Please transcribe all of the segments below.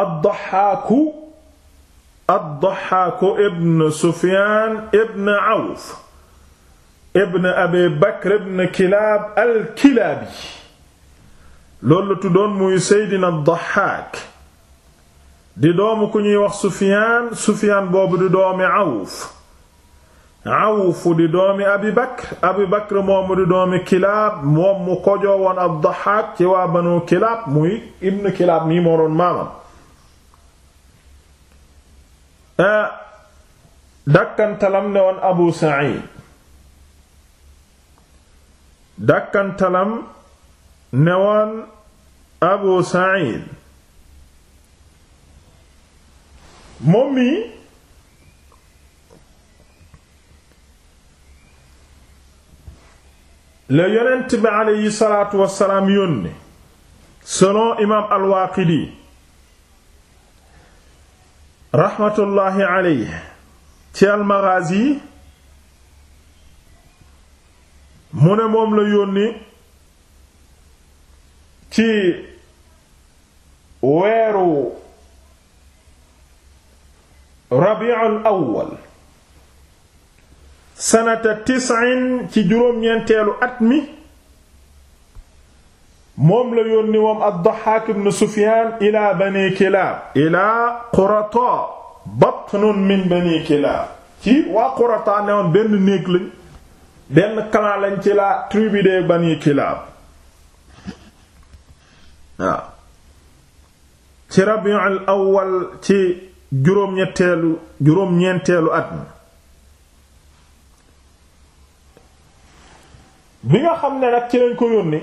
ad-Dahhaaku ad-Dahhaaku ibn Sufyaan ibn Awf ibn Abi ibn Kilaab al-Kilaabi loolu la tuddoon muy Seydina ad-Dahhaak di doomu ku ñuy wax Sufyaan Sufyaan boobu di doomi Awf Awf di doomi Abi Bakr Abi Bakr moomu di doomi Kilaab moom mu kojoo woon ad-Dahhaak ci waa Banu Kilaab muy ibn Kilaab nii moo maamam Ah, dàkkantalam ne woon ne woon abu sa'id moom mi la yonent bi aleyhi salaatu wassalaam yónni selon imaam al-Waaqidi raxmatullaahi aley ci almaghazi mu ne moom la yónni ci weeru rabiul awwal sanata tis'in ci juróom-ñeenteelu at mi moom la yónni moom ad-Dahhaak ibn Sufyaan ilaa Bani Kilaab ilaa Qurata batnun min Bani Kilaab ci waa Qurata ne woon benn néeg lañ benn clan ci la tribu de Bani Kilaab ci Rabiul Awwal ci juróom-ñetteelu juróom-ñeenteelu at bi nga xam ne nag ci lañ ko yónni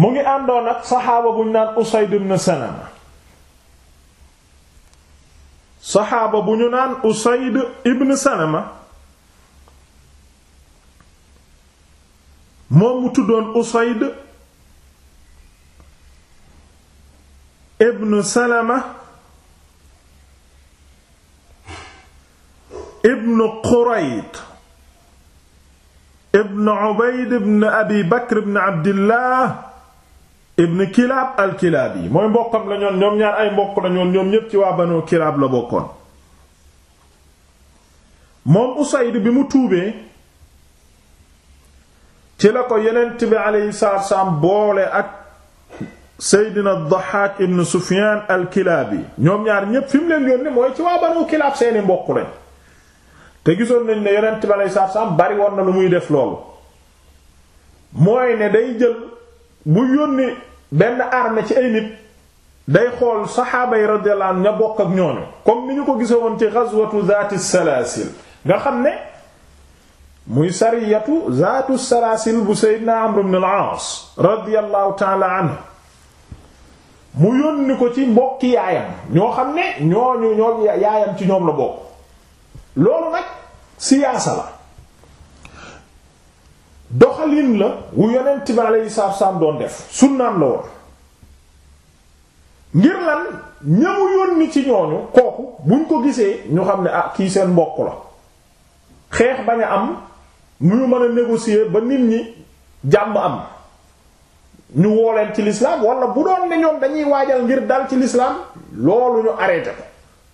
mu ngi àndoon ak saxaaba buñ naan Usayd ibn Salama saxaaba bu ñu naan Usayd ibn Salama moom mu tuddoon Usayd ibn Salama ibn Qurayd ibn Ubayd ibn Abi Bakr ibn Abdillah ibn kilaab al mooy mbokkam la ñoom ñaar ay mbokk la ñoom ñépp ci waa banu kilaab la bokkoon moom saydu bi mu tuubee ci la ko yeneen bi aleyhi salaatu wasalaam boole ak seydina dahaak ibn sufyaan al kilaabi ñoom ñaar ñépp fi mu leen yónni mooy ci waa banu kilaab seeni mbokk lañ te gisoon nañ ne yonent bi aleyhi salaatu bari woon na lu muy def loolu mooy ne day jël bu yónnee benn armée ci ay nit day xool saxaaba yi radiyallahu anhu ña bokk ak ñooñu comme ni ñu ko gisoon ci ghazwatu zaati salaasil nga xam ne muy sariyatu zaatu salaasil bu seydina Amr ibn al-Aas radiyallahu ta'ala anhu mu yónni ko ci mbokki yaayam ñoo xam ne ñooñu ñoo yaayam ci ñoom la bokk loolu nag siyaasa la doxalin la wu yonent bi alayhi salaam doon def sunnaam la woon ngir lan ñamu yónni ci ñooñu kooku buñ ko gisee ñu xam ne ah kii seen mbokk la xeex bañ a am mu ñu mën a négocier ba nit ñi jàmm am ñu wooleen ci l'islam wala bu doon ne ñoom dañuy waajal ngir dal ci l'islam loolu ñu arrêté ko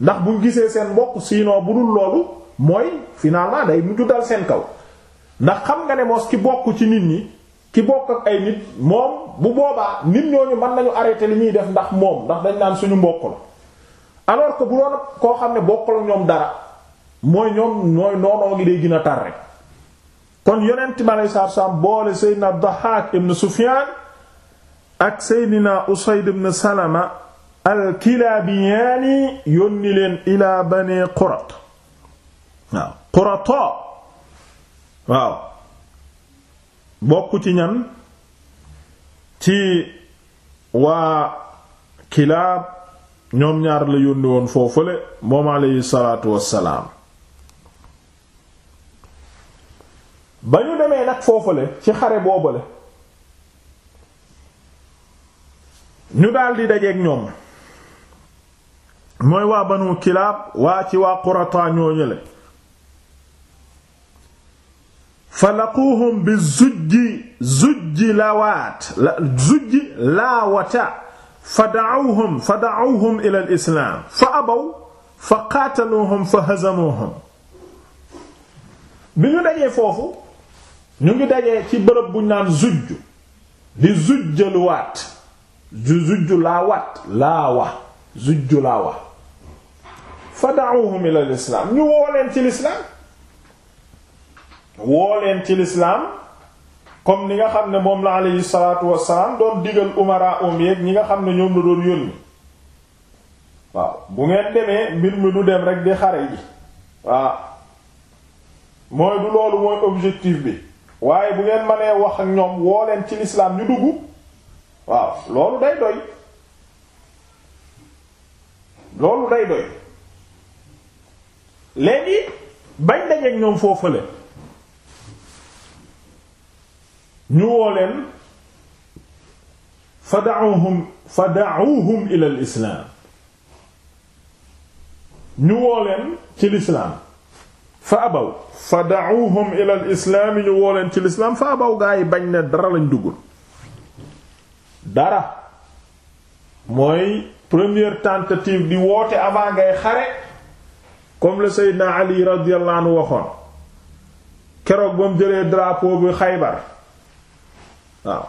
ndax buñ gisee seen mbokk sinon bu dul loolu mooy finalement day mujju dal seen kaw ndax xam nga ne moos ki bokk ci nit ñi ki bokk ak ay nit moom bu boobaa nit ñooñu man nañu arrêté li ñuy def ndax moom ndax dañ naan suñu mbokk la alors que bu doon koo xam ne bokkul ak ñoom dara mooy ñoom mooy noonoo ngi day gën a tar rek kon yonent mi aleyhi salaatu salaam boole Seydina Dahhaak ibn Sufyaan ak Seydina Usayd ibn Salama al-Kilaabiyaani yónni leen ilaa Bani Qurata waaw Qurata waaw bokk ci ñan ci waa kilaab ñoom ñaar la yónni woon foofale moom aleyhi salaatu wassalaam ba ñu demee nag foofale ci xare boobale ñu daldi dajeek ñoom mooy waa banu kilaab waa ci waa qurataa ñooñu le fa laquuhum bi zujji zujji laawaat zujji laawata fa da'awhum fa da'awhum ila al fa abaw fa qaataluuhum fa hazamuuhum bi ñu dajee foofu ñu ngi dajee ci bërëb bu naan zujj di zujja luwaat di zujju laawaat laawa zujju laawa fa da'awhum ila al ñu woo leen ci lislaam woo leen ci lislaam comme ni nga xam ne moom la aleyhi salaatu wasalaam doon digal umara um yeeg ñi nga xam ne ñoom la doon yónni waaw bu ngeen demee mbir mi du dem rek di xare ji waaw mooy du loolu mooy objectif bi waaye bu ngeen mënee wax ak ñoom woo leen ci lislaam ñu dugg waaw loolu day doy loolu day doy léegi bañ dajeek ñoom foofale ñu woo leen fa da'uhum fa da'uhum islaam ñu woo leen ci lislaam fa abaw fa da'uhum ila al islaam ñu woo leen ci lislaam fa abaw gaa yi bañ ne dara lañ duggul dara mooy première tentative di woote avant ngay xare comme le Seydina Ali radiyallahu anhu waxoon keroog ba mu jëlee drapeau bi Xaybar waaw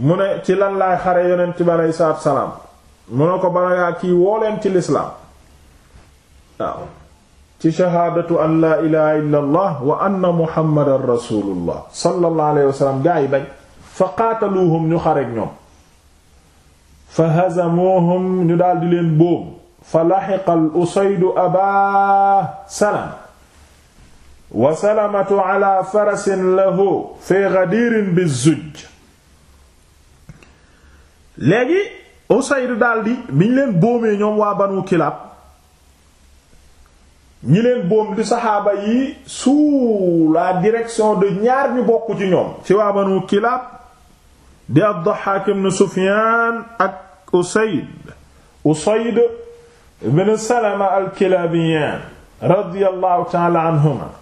mu ne ci lan laay xare yonent bi aleyhi salaatu salaam mu ne ko bala yaa kii woo leen ci lislaam waaw ci shahaadatu an laa ilaha illa allah wa anna muhammadan rasulullah sallallahu alayhi wa sallam gaa yi bañ fa qaataluuhum ñu xarek ñoom fa hazamuuhum ñu daal di leen boobu fa laxiqa al usaydu aba salama wa salamatu ala farasin lahu fi ghadirin bizujj léegi Usayd daldi bi ñu leen boomee ñoom waa Banu Kilaab ñi leen boom di saxaaba yi su la direction de ñaar ñu bokk ci ñoom ci waa Banu Kilaab di ad-Dahhaak Sufyaan ak Usayd Usayd ibn Salama al-Kilaabiyaan radiyallahu ta'ala anhuma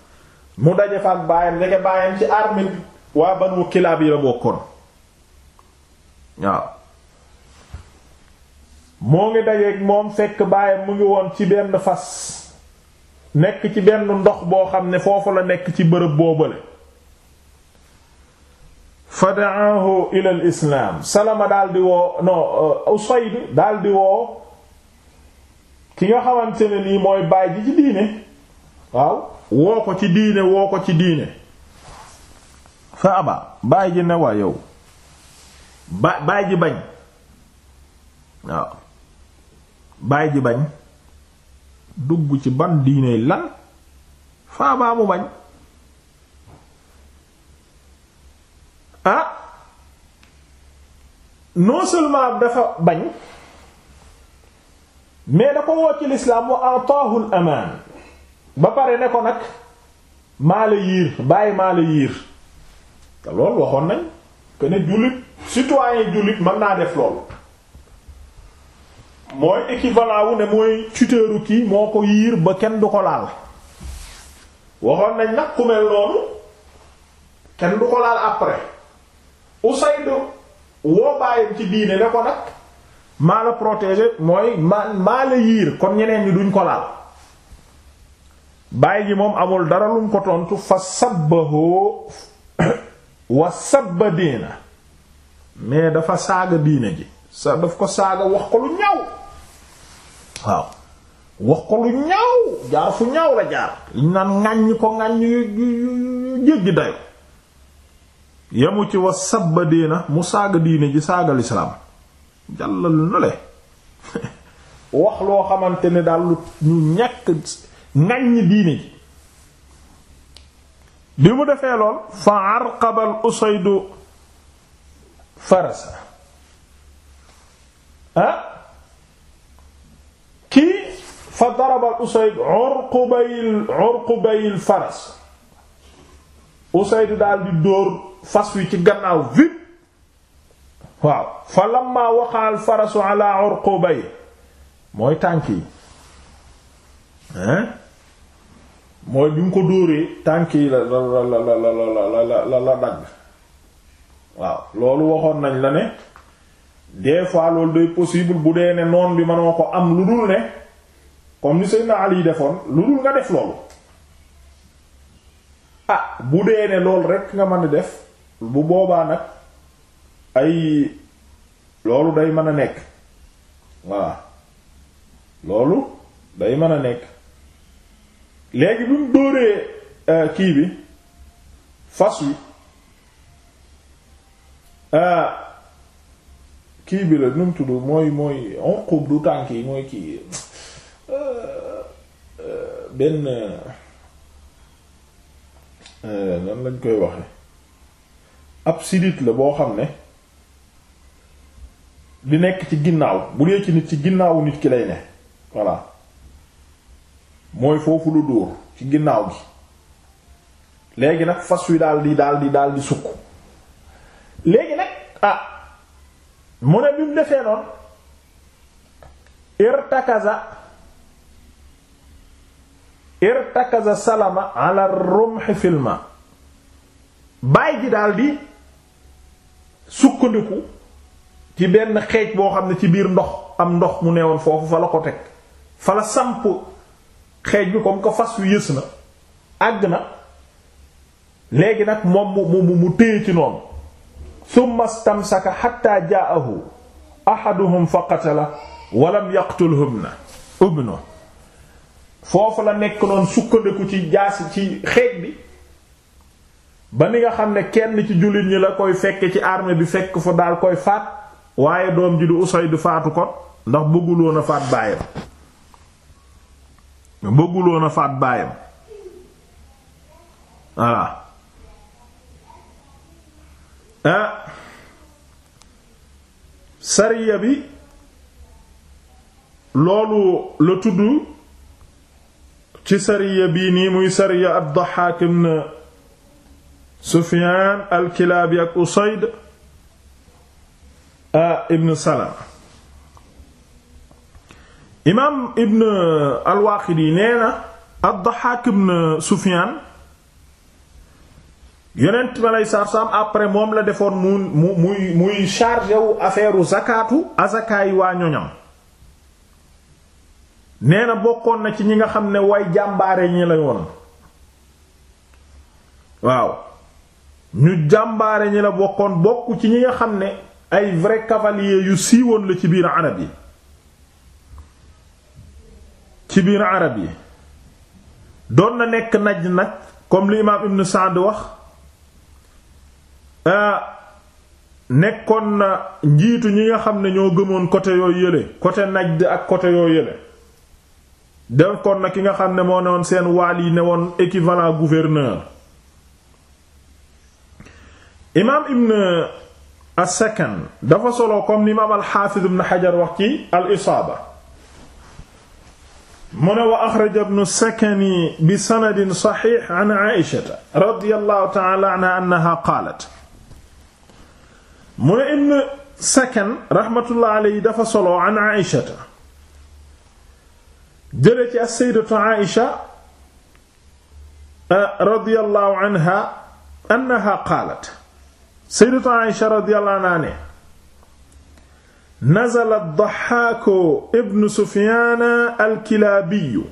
mu daje fa ak baayam ndeke ci armée waa Banu Kilaab yi la bokkoon waaw moo ngi dajeeg moom fekk baayam mu ngi woon ci benn fas nekk ci benn ndox boo xam ne foofu la nekk ci bërëb boobale fa daahu ila al islaam salama daldi woo non euh, usayd daldi woo ki nga xamante ne nii mooy baay ji ci diine waaw woo ko ci diine woo ko ci diine fa aba baay ji ne waa yow ba baay ji bañ waaw baay ji bañ dugg ci ban diine lan faabaa mu bañ ah non seulement dafa bañ mais da ko woo lislaam wa ataahu amaan ba pare ne ko nag maa la yiir bàyyi maa la yiir te loolu waxoon nañ que ne jullit citoyen jullit mën naa def loolu mooy équivalent ne mooy tuteuru kii moo ko yiir ba kenn du ko laal waxoon nañ nag ku mel kenn du ko laal après Usayd woo bàyyam ci diine ne ko nag maa la protéger mooy maa maa la yiir kon ñeneen yi duñ ko laal bàyyi ji moom amul dara lum ko tontu fa sabbahoo wa sabba diina mais dafa saaga diine ji sa daf ko saaga wax ko lu ñaw waaw wax ko lu ñaaw jaar fu ñaaw la jaar liñ naan ŋàññ ko ŋàññ yu jéggi dayo yamu ci wa sabba diina mu saaga diine ji saaga lislaam jàllal na le wax loo xamante ne daal lu ñu ñàkk ŋàññ diine ji bi mu defee lool fa arqaba al usaydu farasa ah kii fa daraba Usayd urqubayil urqubayil faras Usayd daal di dóor fas wi ci gannaaw vip waaw fa lamma waqaal farasu ala urqubay mooy tànk yi hein mooy bi mu ko dóoree tànk yi la la la la la la la la dagg waaw loolu waxoon nañ la ne des fois loolu day possible bu dee ne noon bi mënoo ko am lu dul ne comme ni Seydina Ali defoon lu dul nga def loolu ah bu dee ne loolu rekk nga mën a def bu boobaa nag ay loolu day mën a nekk voilà loolu day mën a nekk léegi bi mu dóoree euh, kii bi fas yi kii bi la nu mu mooy mooy onqub du tànk yi mooy kii benn nan lañ koy waxe ab sidit la boo xam ne di nekk ci ginnaaw bu dee ci nit ci ginnaawu nit ki lay ne voilà mooy foofu lu dóor ci ginnaaw gi léegi nag fas wi daal di daal di daal di sukk léegi nag ah mu ne bi mu defee noonu irtakaza irtakaza salama ala rumh filma baay ji daldi sukkandiku ci benn xeej boo xam ne ci biir ndox am ndox mu neewoon foofu fa la ko teg fa la samp xeej bi comme ko fas yu yës na àgg na léegi nag moom mu mu mu ci noonu summa stamsaka xatta jaahu ahaduhum la qatala walam yaqtulhum na ubnu foofu la nekk noon sukkandiku ci jaas ci xeej bi ba ni nga xam ne kenn ci jullit ñi la koy fekk ci arme bi fekk fa daal koy faat waaye doom ji du Usayd du faatu ko ndax bëgguloon a faat baayam bëgguloon a faat baayam voilà ah sariya bi loolu la tudd ci sariya bii nii muy sariya ad-Dahhaak ibn Sufyaan al-Kilaabi ak Usayd ah ibn Salama imaam ibn al-Waaqidi nee na ad-Dahhaak ibn Sufyaan yonent ma lay sarsam après moom la defoon mu mu muy muy chargé wu affaire zakatu azakaay waa ñoñam nee bokkoon na ci ñi nga xam ne way jàmbaare ñi la woon waaw ñu jàmbaare ñi la bokkoon bokk ci ñi nga xam ne ay vrai cavalier yu siiwoon la ci biir arab yi ci biir arab yi doon na nekk naj nag comme li imaam Ibn Sa'd wax Euh, nekkoon na njiitu ñi nga xam ne ñoo gëmoon côté yoo yële côté Najd ak côté yoo yële dekkoon na ki nga xam ne moo newoon seen waal yi newoon équivalent gouverneur imaam ibn as-Sakan dafa solo comme ni imaam al-Hafiz ibn Hajar wax ci al-Isaaba mu ne wa axraja ibnu sakani bi sanadin saxiix an Aïsha radiyallahu ta'ala anha qaalat mu ne ibn sakan rahmatullah alayhi dafa solo an aishata jële ci as-sayyidatu aisha euh, radiyallahu anha annaha qaalat sayyidatu aisha radiyallahu anha ne nazala ad-dahhaaku ibn sufyaan al-kilaabiyu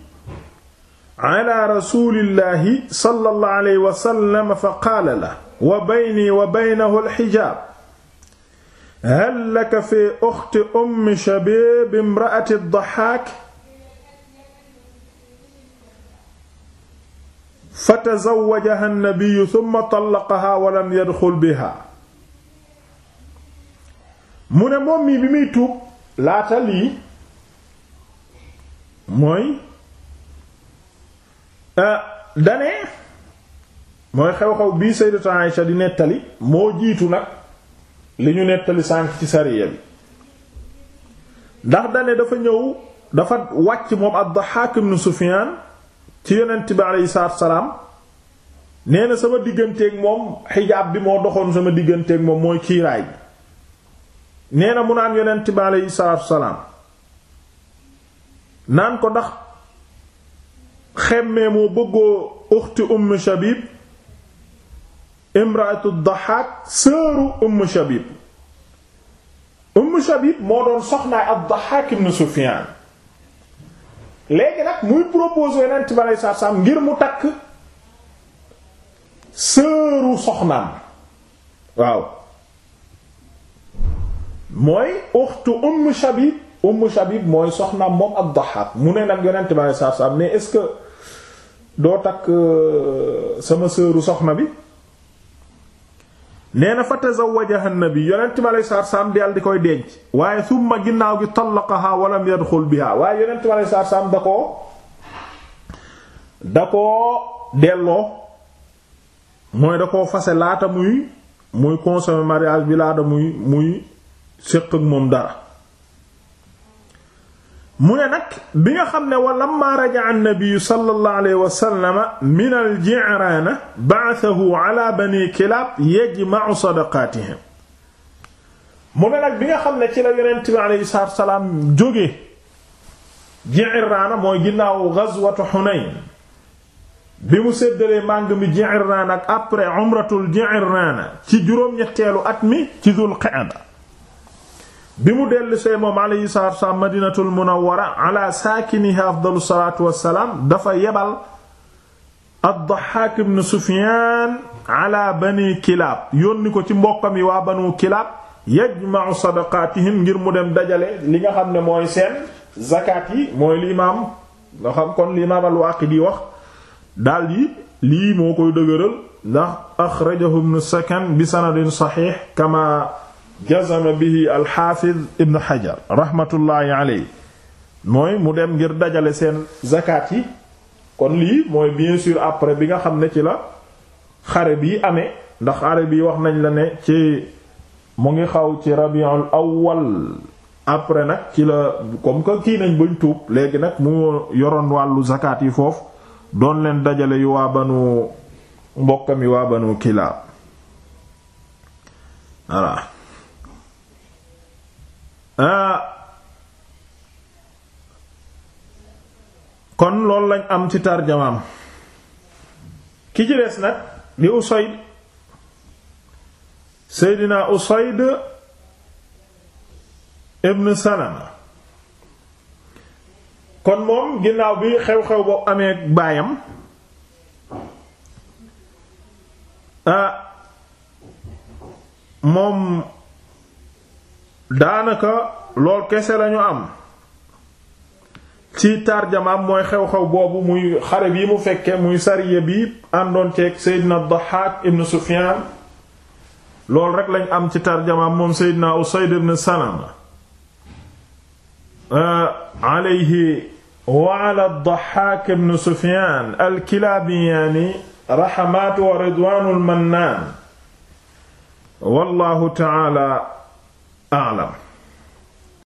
ala rasuulillahi sallallahu alayhi wa sallam fa qaala lahu wa bayni wa baynahu al-hijaab hal laka fi uxti ummi Shabiib imra'ati ad-Dahhaak fatazawwajaha an-nabiyyu thumma tallaqahaa wa lam yadxul bihaa mu bi muy tuub laata lii mooy euh, dane mooy xew-xew bii Sayyidatu Aysha di nettali moo jiitu nag li ñu nettali sànk ci sariya bi ndax dane dafa ñëw dafa wàcc moom ad-Dahhak ibn Sufyan ci yonent bi aleyhi salaatu wa salaam nee na sama digganteeg moom xijaab bi moo doxoon sama digganteek moom mooy kiiraay bi nee na mu naan yonent bi aleyhi salaatu wa salaam naan ko ndax xemmee moo bëggoo uxti Umm Shabib imraatu daxaak sëru umm shabib umm shabib moo doon soxnaay ad daxaak ibn sufiyaan léegi nag muy proposé yonent bi aleyhi salaatu salaam ngir mu takk sëru soxnaam waaw mooy uxtu umm shabib umm shabib moom ad daxaak mu ne nag yonent bi aleyhi salaatu salaam mais est-ce que doo takk euh, sama sëru soxna bi nee na fa tazawwajaha an-nabi yonent bi alayhi salaatu salaam daal di koy denc waaye summa ginnaaw gi tallaqaha wa lam yadxul biha waaye yonent bi alayhi salaatu salaam da koo da koo delloo mooy da koo fase laata muy muy consommer mariage bi laata muy muy séq ak moom dara mu ne nag bi nga xam ne wa lamma raja'a an-nabi sallallahu alayhi wa sallam min al-Ji'rana ba'athahu ala bani Kilab yajma'u sadaqatihim mu ne nag bi nga xam ne ci la yonent bi alayhi salaam jóge Ji'rana mooy ginnaaw ghazwatu Hunayn bi mu séddalee màng mi Ji'rana ak après umratul Ji'rana ci juróom-ñetteelu at mi ci Dhul Qa'da bi mu dellu see moom alayhi salaatu wa madinatul munawwara ala saakiniha afdalu dafa yebal ad ko ci mbokkam yi waa banu Kilaab ngir mu dem dajale li nga xam ne mooy seen zakat yi mooy li imaam nga xam kon li imaam al-Waaqidi wax daal yi lii moo koy dëgëral ndax axrajahu ibn Sakan bi sanadin saxiix kama jazama bihi alxaafiz ibn xajar rahmatullahi aley mooy mu dem ngir dajale seen zakat yi kon lii mooy bien sûr après bi nga xam ne ci la xare bii amee ndax xare bi wax nañ la ne ci mu ngi xaw ci rabiul awwal après nag ci la comme que kii nañ bañ tuub léegi nag mu yoroon wàllu zakat yi foofu doon leen dajale yu waa banu mbokkam yi waa banu kilaa voilà Ah. kon loolu lañ am ci tarjamaam ki ci des nag di Usayd Seydina Usayd ibn Salama kon moom ginnaaw bi xew-xew boo amee baayam ah. moom daanaka lool kese lañu am ci tarjamaam mooy xew-xew boobu muy xare bi mu fekke mu sariya bi àndoon ceeg Seydina Dahhaak ibn Sufyaan loolu rek lañ am ci tarjamaam moom Seydina Usayd ibn Salama euh, alayhi wa ala Dahhaak ibn Sufyaan al-Kilaabiyaani raxmaatu wa a'lam